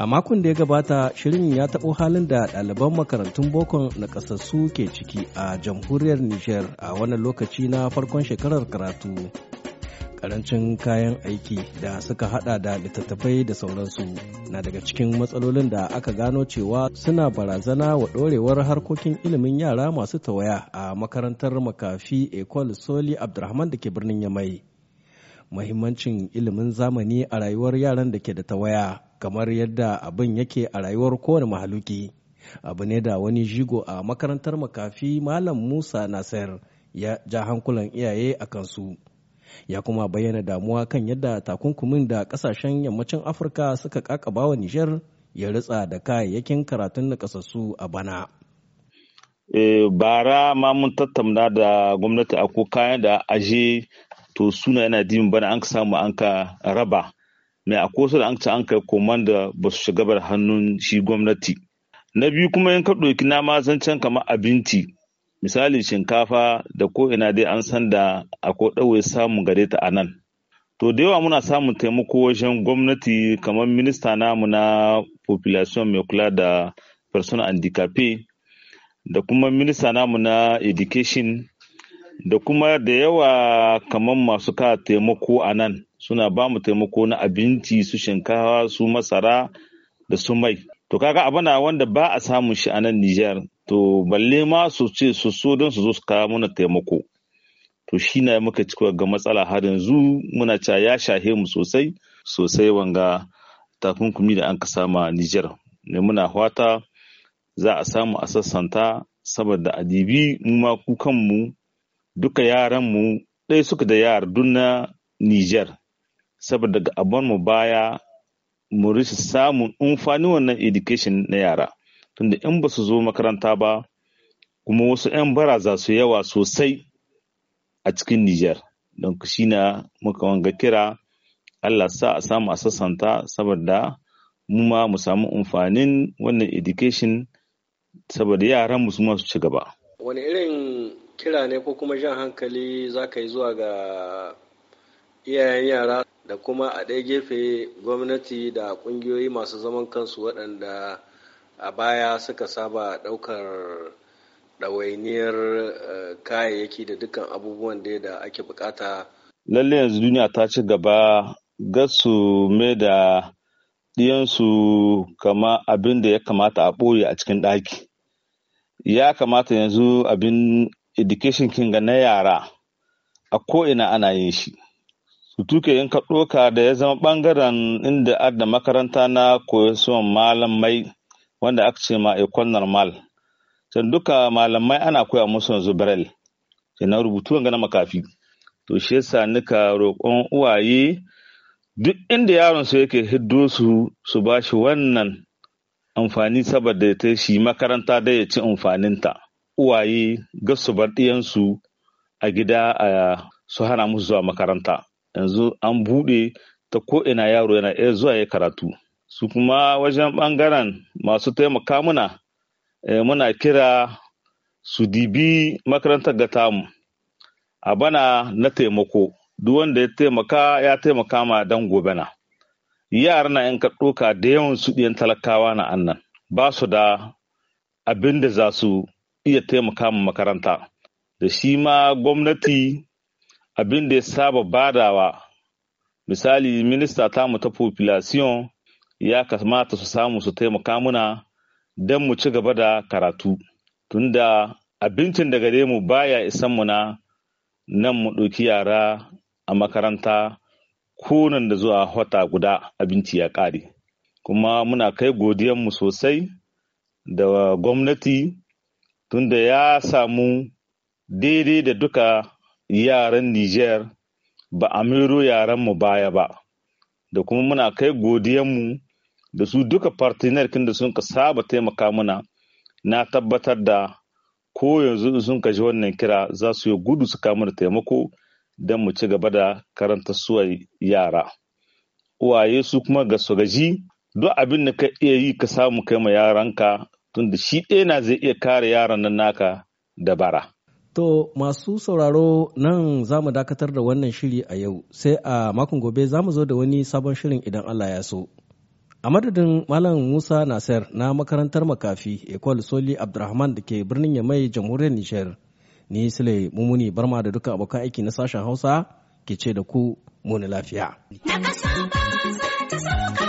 A makon da ya gabata shirin ya taɓo halin da ɗaliban makarantun bokon na su ke ciki a jamhuriyar Nijar a wani lokaci na farkon shekarar karatu. Ƙarancin kayan aiki da suka haɗa da littattafai da sauransu na daga cikin matsalolin da aka gano cewa suna barazana wa ɗorewar harkokin ilimin yara masu tawaya a makarantar makafi Ecole Soli abdulrahman da ke birnin Yamai. mahimmancin ilimin zamani a rayuwar yaran da ke da tawaya kamar yadda abin yake a rayuwar kowane mahaluki abu ne da wani jigo a makarantar makafi malam musa nasir ya ja hankulan iyaye a kansu ya kuma bayyana damuwa kan yadda takunkumin da kasashen yammacin afirka suka bawa nijar ya ritsa da kayayyakin karatun kasassu a bana eh, bara ma mun tattauna da gwamnati a ko kayan da aje to suna yana dimin bana an samu an ka raba mai a kosa da an ci an kai komanda ba su shiga bar hannun shi gwamnati na biyu kuma in ka ɗauki na ma san can kamar abinci misali shinkafa da ko ina dai an san da akwai ɗauye samun gare ta a nan to da yawa muna samun taimako wajen gwamnati kamar minista namu na population mai kula da persona handicapé da kuma minista namu na education da kuma da yawa kamar masu ka taimako a nan suna ba mu taimako na abinci su shinkawa su masara da su mai to kaga abana wanda ba a samun shi a nan Nijar to balle ma su ce su so don su zo su kawo mana taimako to shi na muka ci ga matsala har yanzu muna cewa ya shahe mu sosai sosai wanga takunkumi da an ka sama Nijar ne muna fata za a samu a sassanta saboda adibi mu ma ku kanmu duka yaran mu ɗaya suka da yar dun Nijar saboda ga abon mu baya mu rishi samun umfani wannan education na yara tunda in ba su zo makaranta ba kuma wasu 'yan baraza su yawa sosai a cikin Nijar. Don shi na muka wanga kira Allah sa a samu a sassanta saboda mu ma mu samu amfanin wannan education saboda yaran mu su ma su ci gaba. Wani irin kira ne ko kuma jan hankali za ka yi zuwa ga iyayen yara da kuma a ɗaya gefe gwamnati da ƙungiyoyi masu zaman kansu waɗanda a baya suka saba ɗaukar ɗawainiyar eh, kayayyaki da dukkan abubuwan da da ake bukata. Lalle yanzu duniya ta ci gaba gasu mai da ɗiyansu kama abin da ya kamata a ɓoye a cikin ɗaki. Ya kamata yanzu abin education kinga na yara a ko'ina ana yin shi. duke in ka ɗoka da ya zama ɓangaren inda adda makaranta na koyon malamai wanda aka ce ma ikon normal can duka malamai ana koya musu yanzu brel na rubutu ga na makafi to shi yasa nika roƙon uwaye duk inda yaron su yake hiddo su su ba shi wannan amfani saboda ta shi makaranta da ya ci amfaninta uwaye ga su bar ɗiyansu a gida a su hana musu zuwa makaranta yanzu an buɗe ta ko'ina yaro yana iya zuwa ya karatu su kuma wajen ɓangaren masu taimaka muna eh, muna kira su dibi makarantar ga tamu a bana na taimako duk wanda ya taimaka ya taimaka ma dan gobe na yara na yan ɗauka da yawan su ɗiyan talakawa na annan ba su da abin da za su iya taimaka ma makaranta da shi ma gwamnati abin da ya saba badawa misali minista ta tamu ta population ya kamata su samu su taimaka muna don mu ci gaba da karatu tunda abincin da gare mu baya isan muna nan mu ɗauki yara a makaranta ko nan da zuwa wata guda abinci ya ƙare kuma muna kai mu sosai da gwamnati tunda ya samu daidai da duka yaran Nijar ba a miro yaran mu baya ba, da kuma muna kai godiyanmu da su duka kin da sun ka saba taimaka muna na tabbatar da ko yanzu sun ka ji wannan kira za su yi gudu su kamar da taimako don mu ci gaba da karanta suwar yara. Uwaye su kuma ga su gaji duk abin da ka iya yi ka samu kai ma yaranka tunda shi ɗaya na zai iya kare yaran nan naka da bara. To masu sauraro nan za mu dakatar da wannan shiri a yau sai a makon gobe za mu zo da wani sabon shirin idan Allah ya so. A madadin Malam Musa Nasir na makarantar makafi Ecole Soli Abdurahman da ke birnin Yamai jamhuriyar Nijar. Ni Sule Mumuni Barma da duka abokan aiki na sashen Hausa ke ce da ku muni lafiya. Na